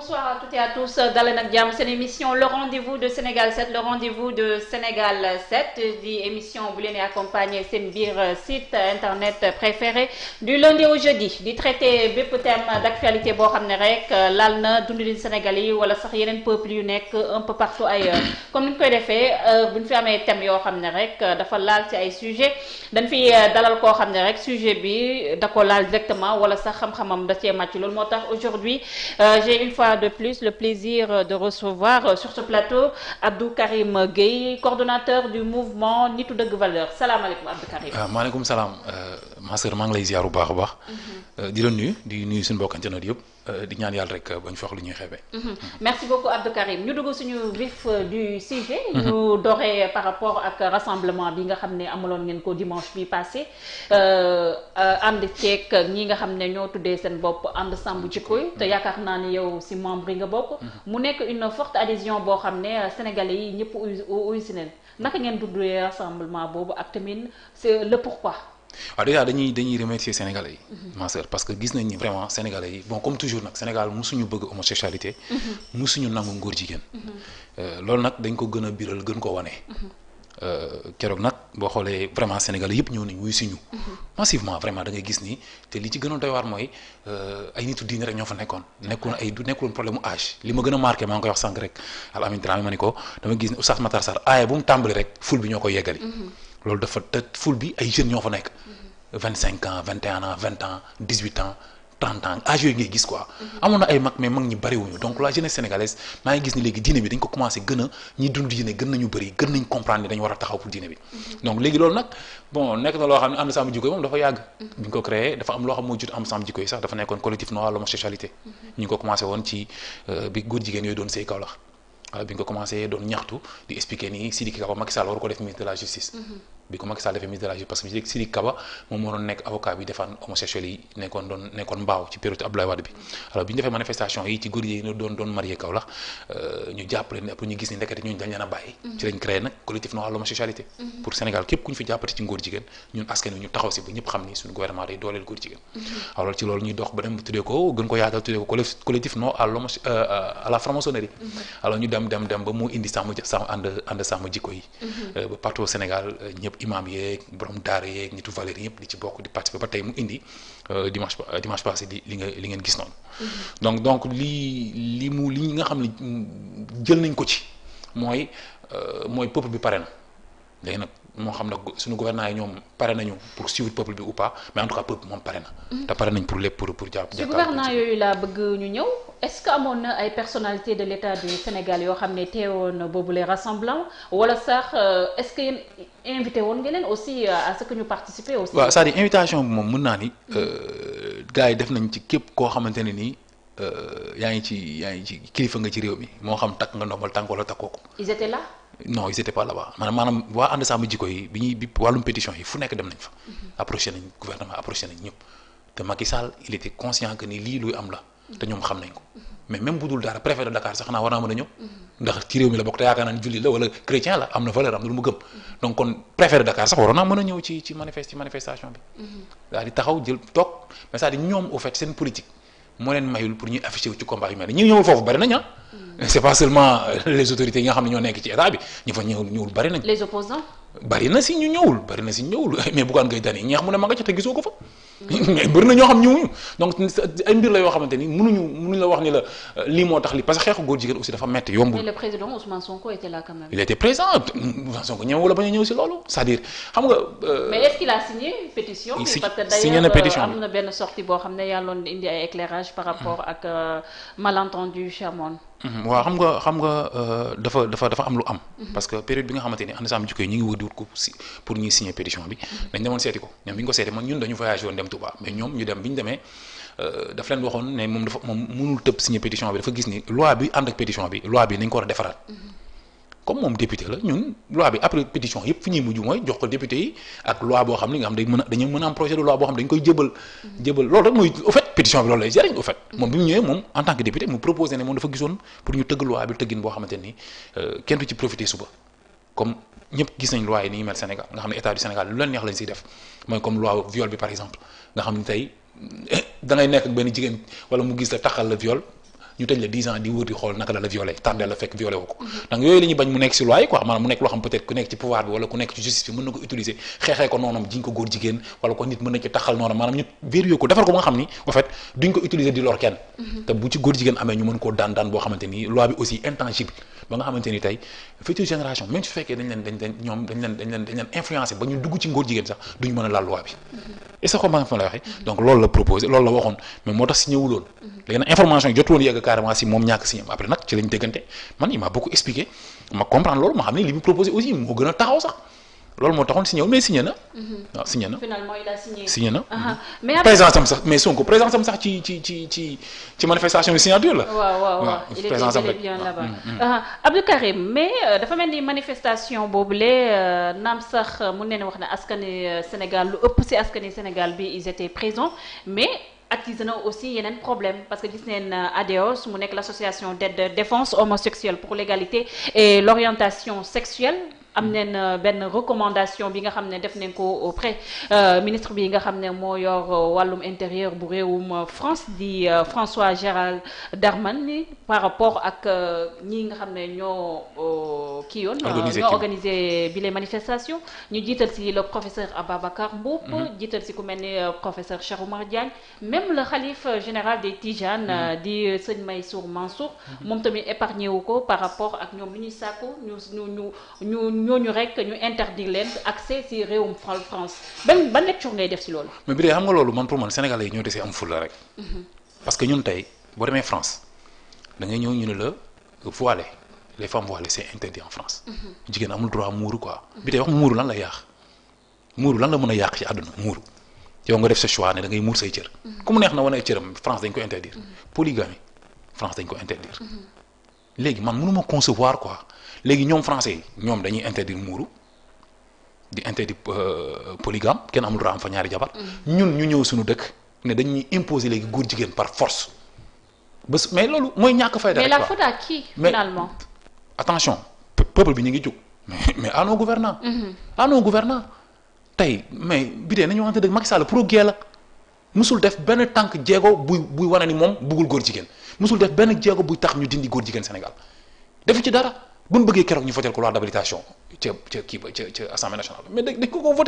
bonsoir à toutes et à tous euh, dalal nag jàmm seen émission le rendez-vous de Sénégal 7 le rendez-vous de Sénégal di émission bu leen di accompagner seen euh, site internet préféré du lundi au jeudi di traiter bépp thème d'actualité boo xam ne rek euh, laal na dundalin Sénégal yi wala sax yeneen peuples yu nekk un peu partout ailleurs comme ni ñu koy defee bu ñu fi amee thème yoo xam ne rek dafa laal ci ay sujets dañ fi dalal koo xam ne rek sujet bi da ko laal directement wala sax xam da cee màcc loolu moo tax aujourd'hui plus le plaisir euh, de recevoir euh, sur ce plateau Abdou Karim Gueye coordonnateur du mouvement Nitu Dëgg Valeur salaamaaleykum Abdou Karim. waaw ah, maaleykum salaam euh, ma sœur maa ngi lay ziar bu baax a baax. Mhm. di la nuyu di nuyu suñu mbokk internet yëpp. Euh, di ñaan yàlla rek euh, bañ fox lu ñuy xeebee. Mhm. merci beaucoup Abdou Karim ñu dugg suñu vif euh, du sujet. Mhm. ñu doxee par rapport ak rassemblement bi nga xam ne amaloon ngeen ko dimanche bi passé ànd ceeg ñi nga xam ne ñoo tuddee seen bopp ànd sàmm jikko yi te yaakaar naa ne yow si membre yi nga bokk. Mhm. mu nekk une forte adhésion boo xam ne sénégalais yi ñëpp uyu uyu si neen naka ngeen tuddee rassemblement boobu ak tamit c'est le pourquoi. waaw déjà dañuy dañuy remercier sénégalais yi. ma parce que gis nañ ni vraiment sénégalais yi bon comme toujours nag Sénégal musuñu bëgg mu suñu nangu ngóor jigéen. Euh, loolu nag dañ ko gën a biiral gën ko wane. Euh, keroog nag boo xoolee vraiment sénégalais yëpp ñëw nañ wuy suñu ñu. massivement vraiment da ngay gis ni te li ci gën a doy mooy euh, ay nitu diine rek ñoo fa nekkoon nekkoon ay du nekkoon problème mu âge li ma gën a marqué maa ngi koy wax sànq rek Al Amin Dramé ma ni ko dama gis ne Oustaz Matar Sarr aaye bu mu tàmbali rek ful bi ñoo koy yeggali. loolu dafa te ful bi ay jeunes ñoo fa nekk. vingt cinq ans vingt et un ans vingt ans dix huit ans trente ans âge yooyu ngay gis quoi. amoon na ay mag mais mag ñi bariwuñu donc la jeunesse sénégalaise maa ngi gis ni léegi diine bi dañ ko commencé gën a ñi dund diine gën nañu bëri gën nañ comprendre ni dañu war a taxaw pour diine bi. donc léegi loolu nag bon nekk na loo xam ne ànd sàmm jikko yi moom dafa yàgg. bi ñu ko créé dafa am loo xam moo jut ànd sàmm jikko yi sax dafa nekkoon collectif noir l'homosexualité. ñu ngi woon ci euh, bi góor jigéen yooyu doon sëy Kaolack. doon ñaxtu di expliquer bi ko Macky a defee ministre de la justice parce que bi defaan nekkoon doon nekkoon mbaaw ci période Abdoulaye Wade bi alors bi ñu defee manifestation yi ci góor yi dañ a dem ba mu indi sàmm sàmm ànd ànd jikko yi mhm. euh, ba partout Sénégal euh, ñëpp imaam yeeg borom daara yeeg nitu valeur yëpp di ci bokk di participer ba tey mu indi euh, dimanche euh, dimanche passé di li nga li ngeen gis noonu. Mm-hmm. donc donc lii li mu li nga xam ne jël nañ ko ci mooy euh, mooy peuple bi pare na léegi nag. moo xam nag suñu gouvernement yi ñoom pare nañu pour suivre peuple bi ou pas mais en tout cas peuple moom pare na. Mm-hmm. te pare nañ pour lépp pour pour jàpp. jàpp yooyu laa bëgg ñu ñëw est-ce que amoon na ay personnalités de l'État du Sénégal yoo xam ne teewoon boobu les rassemblements wala sax euh, est-ce que yéen invité woon nga aussi euh, à ce que ñu participer aussi. waaw cest invitation bi moom mun naa ni. Euh, gars yi def nañ ci képp koo xamante ne nii. yaa ngi ci yaa ngi ci kilifa nga ci réew mi moo xam takk nga ndombal tànk wala takkoo ko. ils étaient là. non ils étaient pas là-bas maanaam maanaam waa ànd sàmm jikko yi bi ñuy pétition yi fu nekk dem nañ fa. Mhm. approché nañ gouvernement approché nañ ñëpp te Macky Sall il était conscient ni lii luy am la. te ñoom xam nañ ko. Mhm. mais même bu dul dara préfet de sax naa war naa mën a ñëw. Mhm. ndax ci réew la bokk te yaakaar naa ne jullit la wala chrétien la am na valeur am na lu mu gëm. donc kon préfet de sax waroon naa mën a ñëw ci manifestation bi. daal di Mm. c'est pas seulement euh, les autorités yi xam ne ñoo nekk ci état bi ñu fa ñëw ñëwul bari nañ. les opposants. bari na si ñu ñëwul bari na si ñu ñëwul mais Bougane Gueye Dany ñeex mu ne ma nga ca te gisoo ko fa. Mm. mais bari na ñoo xam ñëwuñu donc ay mbir la yoo xamante ni mënuñu mënuñu la wax ni la euh, lii moo tax lii parce que xeexu góor jigéen aussi dafa metti yombul. mais le président Ousmane Sonko était là il était présent si loolu xam euh, pétition. si am na benn sortie boo xam ne yàlloon indi ay éclairage par rapport mm. Mhm. waaw xam nga xam nga euh, dafa dafa dafa am lu am. Mhm. parce que période bi nga xamante ne ànd saa am jikko yi ñu ngi wut di wut ko pour ñuy signer pétition bi. Mhm. dañ demoon seeti ko ñoom bi ñu ko seeti man ñun dañu voyagé woon dem Touba mais ñoom ñu dem bi ñu demee euh, daf leen waxoon ne moom dafa moom mënul tëb signer pétition bi dafa gis ni loi bi ànd ak pétition bi loi bi nañ ko war a defaraat. comme moom député la ñun loi bi après pétition yëpp fi ñuy mujj mooy jox ko député yi ak loi boo xam ne nga xam dañ a dañu mën a am projet de loi boo xam dañ koy jëbal mm-hmm. jëbal mm-hmm. ne moom tëgg loi bi tëggin boo xamante ni euh, kenn du ci profité suba comme ñëpp gis nañ loi yi ni mel Sénégal nga xam ne état du Sénégal lu leen neex lañ siy def mooy comme loi viol bi par exemple nga xam ne tey eh, da ngay nekk ak benn jigéen wala mu gis la taxal la viol ñu tëj la 10 ans di wër di xool naka la la violé tardé la fekk violé woo ko donc yooyu la bañ mu nekk si loi yi quoi maanaam mu nekk loo xam peut ku nekk ci pouvoir bi wala ko nit mën na ci taxal noonam maanaam ñu vérifié ko defar ko ba nga xam ni en fait duñ ko utiliser di lor kenn mm-hmm. te bu ci góor jigéen amee ñu mën koo daan daan boo xamante ni loi bi aussi intangible ba nga xamante ni tey future génération même su fekkee dañ leen carrément si moom ñàkk si après nag ci lañ déggante man il m'a beaucoup expliqué ma comprendre loolu ma xam ne li mu proposé aussi moo gën a taxaw sax loolu moo taxoon signé na. Mm-hmm. waaw na a mais présence am sax ci ci ci ci manifestation bi signature la. waaw waaw waaw il mm-hmm. uh-huh. mais euh, dafa mel ni manifestation boobule euh, naam sax euh, mun nañu wax ne askani Sénégal lu ëpp si askani Sénégal bi ils étaient présents mais. attise na aussi yeneen problème parce que gis neen euh, ADEOS mu nekk l' association d' aide défense homosexuelle pour l'égalité et l' orientation sexuelle am mm. neen euh, benn recommandation bi nga xam ne def nañ ko auprès euh, ministre bi nga xam ne moo yor wàllum intérieur bu réewum France di François Gérald Darmanin par rapport ak ñi nga xam ne ñoo kii yoon. organisé ñoo organisé bi les manifestations ñu jiital si le professeur Ababacar Mboup. Mhm. jiital si ku mel ni euh, professeur Cheikh Oumar Diagne même le xalif euh, général des Tijanes. Mhm. Euh, di sëñ Mansour Mansour. Mhm. moom tamit épargné wu ko par rapport ak ñoom lu ñuy sàkku ñu ñu ñu ñooñu rek ñu interdire leen accès si réewum France ba ban lecture ngay def si loolu. mais bi de xam nga loolu man pour man Sénégalais yi ñoo desee am fulla rek. parce que ñun tey boo demee France da les femmes voilées c'est mhm. la yàq muuru lan a yàq ci àdduna muuru yow nga da ngay muur say cër. Mhm. ku mu neex na wane ay cëram France dañ ko interdire. Mhm. polygamie France dañ ko interdire. léegi man mënuma concevoir quoi léegi ñoom france yi ñoom dañuy interdire muuru di interdire euh, polygame kenn amul droit am fa ñaari jabar. ñun ñu ñëw suñu dëkk ne dañuy imposer léegi góor jigéen par force. bés mais loolu mooy ñàkk fayda. mais la faute à attention peuple bi ñu ngi jóg mais mais à nos gouvernants. Mm-hmm. à nos gouvernants tey mais bi dee nañu waxante dëgg Macky Sall pro gay la musul def benn tànk jéego buy buy wane ni moom bëggul góor jigéen musul def benn jéego buy tax ñu dindi góor jigéen Sénégal defu ci dara bu ñu bëggee keroog ñu voté ko loi d'habilitation ca ca kii ba ca assemblée nationale mais dañ dañ ko ko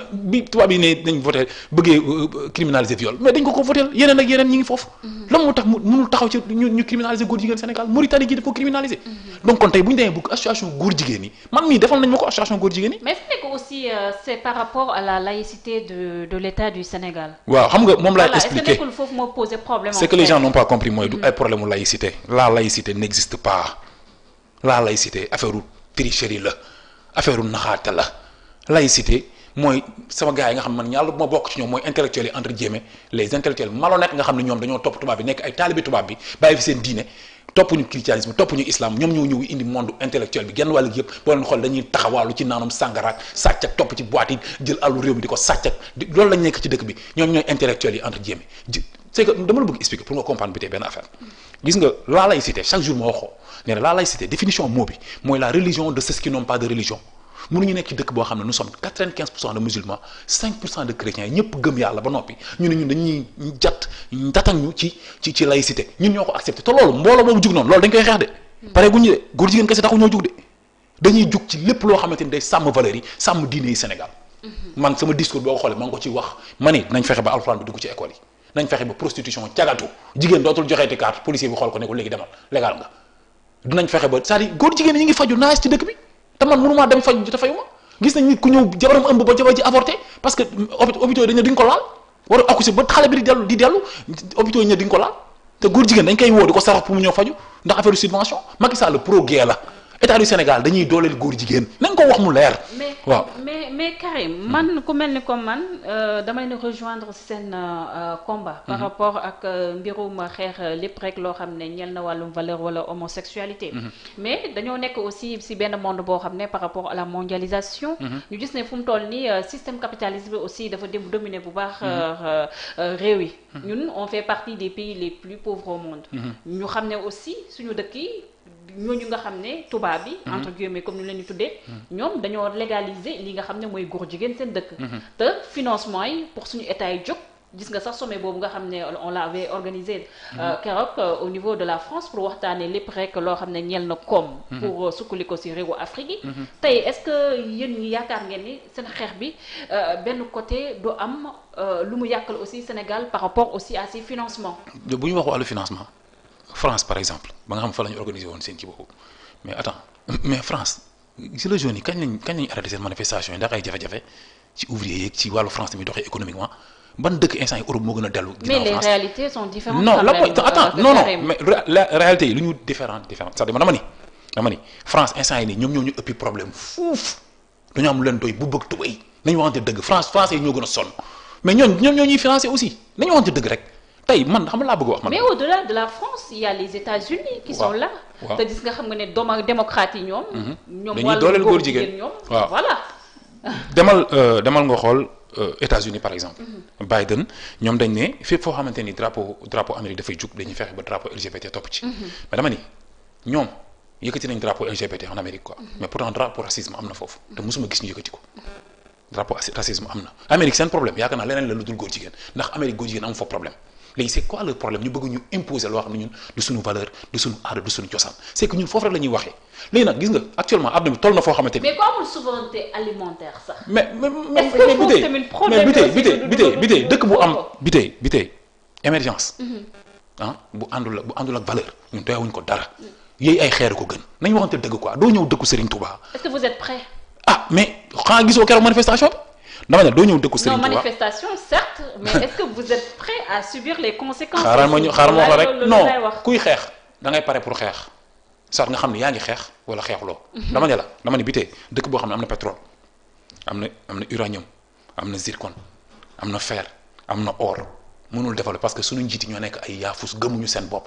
bi tubaab ne dañ voté bëggee euh, euh, criminaliser viol mais dañ ko ko votel yeneen ak yeneen ñi ngi foofu. Mhm. lan moo tax mu mënul taxaw ci ñu ñu criminaliser jigéen Sénégal Mauritanie gi daf ko criminaliser. Mhm. donc kon tey bu ñu demee bëgg association góor jigéen yi man mii defal nañ ma ko association góor jigéen yi. mais est-ce aussi euh, c'est par rapport à la laïcité de l'État du Sénégal. waaw xam nga moom laay expliquer voilà est-ce que nekkul foofu mhm. la laïcité tricherie la affaire u naxaate la laïcité mooy sama gars yi nga xam man yàlla bu ma bokk ci ñoom mooy intellectuels yi entre guillemets les intellectuels malhonnêtes nga xam ne ñoom dañoo topp tubaab bi nekk ay taalibe tubaab bi bàyyi fi seen diine toppuñu christianisme toppuñu islam ñoom ñoo ñëw indi monde intellectuel bi genn wàll gi yëpp boo leen xool dañuy taxawaalu ci naanum sàngaraak sàcc ak topp ci boîte jël àllu réew mi di ko sàcc ak loolu lañ nekk ci dëkk ñoom ñooy intellectuels yi entre c'est que dama la bëgg expliquer pour nga comprendre bi tey benn affaire gis nga la laïcité chaque jour moo waxoo nee na la laïcité définition bi mooy la religion de ceux qui n'ont pas de religion mënuñu nekk ci dëkk boo xam ne nous sommes quatre-vingt-quinze pour cent de musulmans cinq pour cent de chrétiens ñëpp gëm yàlla ba noppi ñu ne ñun dañuy jat jatan ñu ci ci ci ñoo ko accepté te loolu mbooloo boobu jug noonu loolu dañ koy xeex de pare guñu de góor jigéen kese taxu ñoo jug de dañuy jug ci lépp loo xamante ni day sàmm valeurs yi sàmm diine yi Sénégal mm-hmm. man sama discours boo ko xoolee maa ngi ko ci wax ma ni nañ fexe ba alxuraan bi dugg ci yi nañ fexe ba prostitution cagatu jigéen dootul joxeeti carte policier bi xool ko ne ko léegi demal légal nga dinañ fexe ba cest à góor jigéen ñi ngi faju naaj ci dëkk bi te man mënumaa dem faju te fayuma gis nañ nit ku ñëw jabaram ëmb ba jabar ji avorté parce que hôpitaux yi dañ ne duñ ko laal war a accouché ba xale bi di dellu di dellu hôpitaux yi ne ko laal te góor jigéen dañ koy woo di ko sarax pour mu ñëw faju ndax affaire subvention Macky Sall pro guerre la état du Sénégal dañuy dooleel góor jigéen nañ ko wax mu leer. waaw mais mais Karim man ku mel ni comme man euh, damay ne rejoindre seen euh, euh, combat. par mhm. rapport ak mbirum xeex lépp rek loo xam ne ñeel na wàllum valeur wala homosexualité. Mhm. mais dañoo nekk aussi si benn monde boo xam ne par rapport à la mondialisation. Mhm. ñu gis ne fu mu toll ni système capitaliste bi aussi dafa dem dominer bu baax réew yi. ñun on fait partie des pays les plus pauvres au ñu xam ne aussi suñu yi ñooñu nga xam ne tubaab yi mhm. entre guillemets comme ni leen tuddee. Mhm. ñoom dañoo légaliser li nga xam ne mooy góor jigéen seen dëkk. Mhm. te financement yi pour suñu état yi jóg. gis nga sax sommet boobu nga xam ne on l'avait organisé euh, keroog euh, au niveau de la France pour waxtaanee lépp rek loo xam ne ñeel na koom. pour li ko si réewu Afrique yi. tey est-ce que yéen ñi yaakaar ngeen ni seen xeex bi euh, benn côté du am lu mu yàqal aussi Sénégal par rapport aussi à ses financements. bu ñu wax financement. France par exemple ba nga xam fa la ñu organisé seen ci boobu mais attends mais France gilets jaunes yi kañ lañ ban dëkk instant yi Europe moo gën a dellu. ginnaaw France mais non la mooy euh, attends non non mais réalité yi lu ñu différente différente c'est-à-dire dama ni ni France instant yi nii ñoom ñoo ñu ëppi problème fuuf dañoo am lu leen doy bu bëgg tubay nañu waxante dëgg France français yi ñoo gën a sonn mais ñooñu ñoom ñoo ñuy financé aussi nañu waxante dëgg rek tey man xam nga laa bëgg wax. man mais au-delà de la France il y a les unis qui sont là. te gis nga xam nga ne dooma démocrate yi ñoom. Mhm. ñoom dañuy dooleel góor jigéen ñoom voilà. demal euh, demal nga xool euh, États-Unis par exemple. Mhm. Biden ñoom dañ ne fépp foo xamante ni drapeau drapeau Amérique dafay jug dañuy fexe ba drapeau LGBT topp ci. Mhm. mais dama ni ñoom yëkkati nañ drapeau LGBT en Amérique mais pourtant drapeau racisme am na foofu. te mosuma gis ñu yëkkati ko. drapeau racisme na Amérique seen problème yaakaar naa leneen la lu ndax Amérique góor jigéen am foofu léegi c'est quoi le problème ñu bëgg ñu imposer loo xam ne ñun du suñu valeur du suñu aada du suñu cosaan c'est que ñun foofu rek la ñuy waxee léegi nag gis nga actuellement àdduna bi toll na foo xamante ne mais ku amul souveraineté alimentaire sax. mais mais mais mais bitee bitee bitee dëkk bu am bi bitee émergence. Mhm. ah bu àndul bu àndul ak valeur ñun doyawuñ ko dara. yooyu ay xeer ko gën nañ waxante dëgg ko doo ñëw dëkku Serigne Touba. est ah mais xanaa gisoo keroog manifestation bi dama ne doo ñëw dëkku seen Touba non manifestation certes mais est-ce que vous êtes prêt à subir les conséquences. xaaral ma xaaral ma wax la rek non kuy xeex da ngay pare pour xeex sax nga xam ne yaa ngi xeex wala xeexloo. Mhm. dama ne la dama ne bitee dëkk boo xam ne am na pétrole am na am na uranium am na zircon am na fer am na or mënul développer parce que suñu njiiti ñoo nekk ay yaafus gëmuñu seen bopp.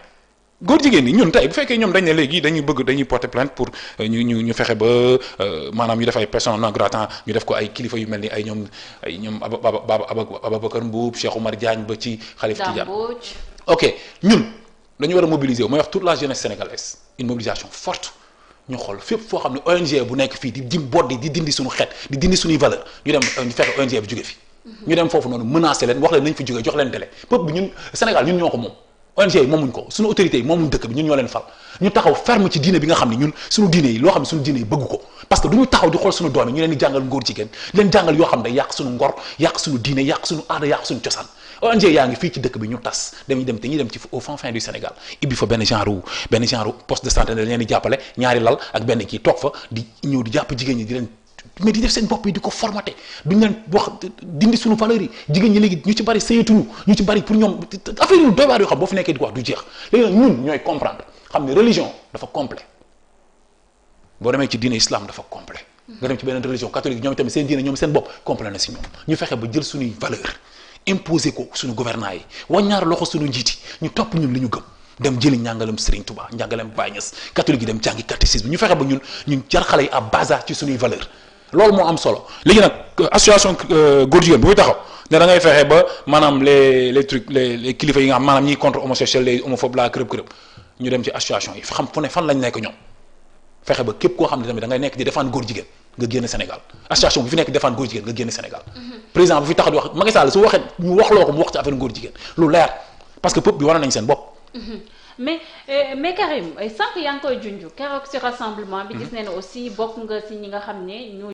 góor jigéen ñi ñun tey bu fekkee ñoom dañ ne léegi dañuy bëgg dañuy porter plainte pour euh, ñu ñu ñu fexe ba euh, maanaam ñu def ay personnes non grata ñu def ko ay kilifa yu mel ni ay ñoom ay ñoom Aba Aba Ababacar Mbuub Cheikh Oumar Diagne ba ci Khalifa Tidiane ok ñun dañu war a mobiliser may wax toute la jeunesse sénégalaise une mobilisation forte ñu xool fépp foo xam ne ONG bu nekk fii di di boddi di dindi suñu xeet di dindi suñuy valeur ñu dem euh, ñu fexe ONG bi jóge fi mhm. ñu dem foofu noonu menacer leen wax leen nañ fi jógee jox leen délai peuple bi ñun Sénégal ñun ñoo ko moom ONG moomuñ ko suñu autorités yi moomuñ dëkk bi ñun ñoo leen fal ñu taxaw ferme ci diine bi nga xam ne ñun suñu diine yi loo xam ne suñu diine yi bëgg ko parce que du ñu taxaw di xool suñu doom yi ñu leen jàngal ngóor jigéen leen jàngal yoo xam ne yàq suñu ngor yàq suñu diine yàq suñu aada yàq suñu cosaan ONG yaa ngi fii ci dëkk bi ñu tas dañuy dem te ñuy dem ci au fin fin du Sénégal ibbi fa benn genre benn genre poste de santé dañ leen di jàppale ñaari lal ak benn kii toog fa di jàpp jigéen ñi di leen mais di def seen bopp yi di ko formaté duñ leen wax dindi suñu valeur yi jigéen ñi léegi ñu ci bari saytuñu ñu ci bari pour ñoom affaire yu doy waar yoo xam boo fi nekkee di ko wax du jeex léegi nag ñun ñooy comprendre xam ne religion dafa complet boo demee ci diine islam dafa complet nga dem ci beneen religion catholique ñoom tamit seen diine ñoom seen bopp complet na si ñoom ñu fexe ba jël suñuy valeur imposé ko suñu gouvernant yi waññaar loxo suñu njiiti ñu topp ñun li ñu gëm dem jëli njàngalem Serigne Touba njàngalem Baye Niass catholique yi dem jàngi catéchisme ñu fexe ba ñun ñun jar xale yi à ci suñuy valeur loolu moo am solo léegi nag euh, association euh, góor bu fi taxaw ne da fexe ba maanaam les les trucs kilifa yi nga xam maanaam ñiy contre homosexuel les homophobes la kërëb kërëb ñu dem ci association yi xam fu ne fan lañ nekk ñoom fexe ba képp koo xam ne tamit da nekk di défendre góor nga génn Sénégal association bu fi nekk défendre góor nga génn Sénégal mhm. président bu fi taxaw di wax Macky Sall su waxee ñu wax loo ko mu wax ci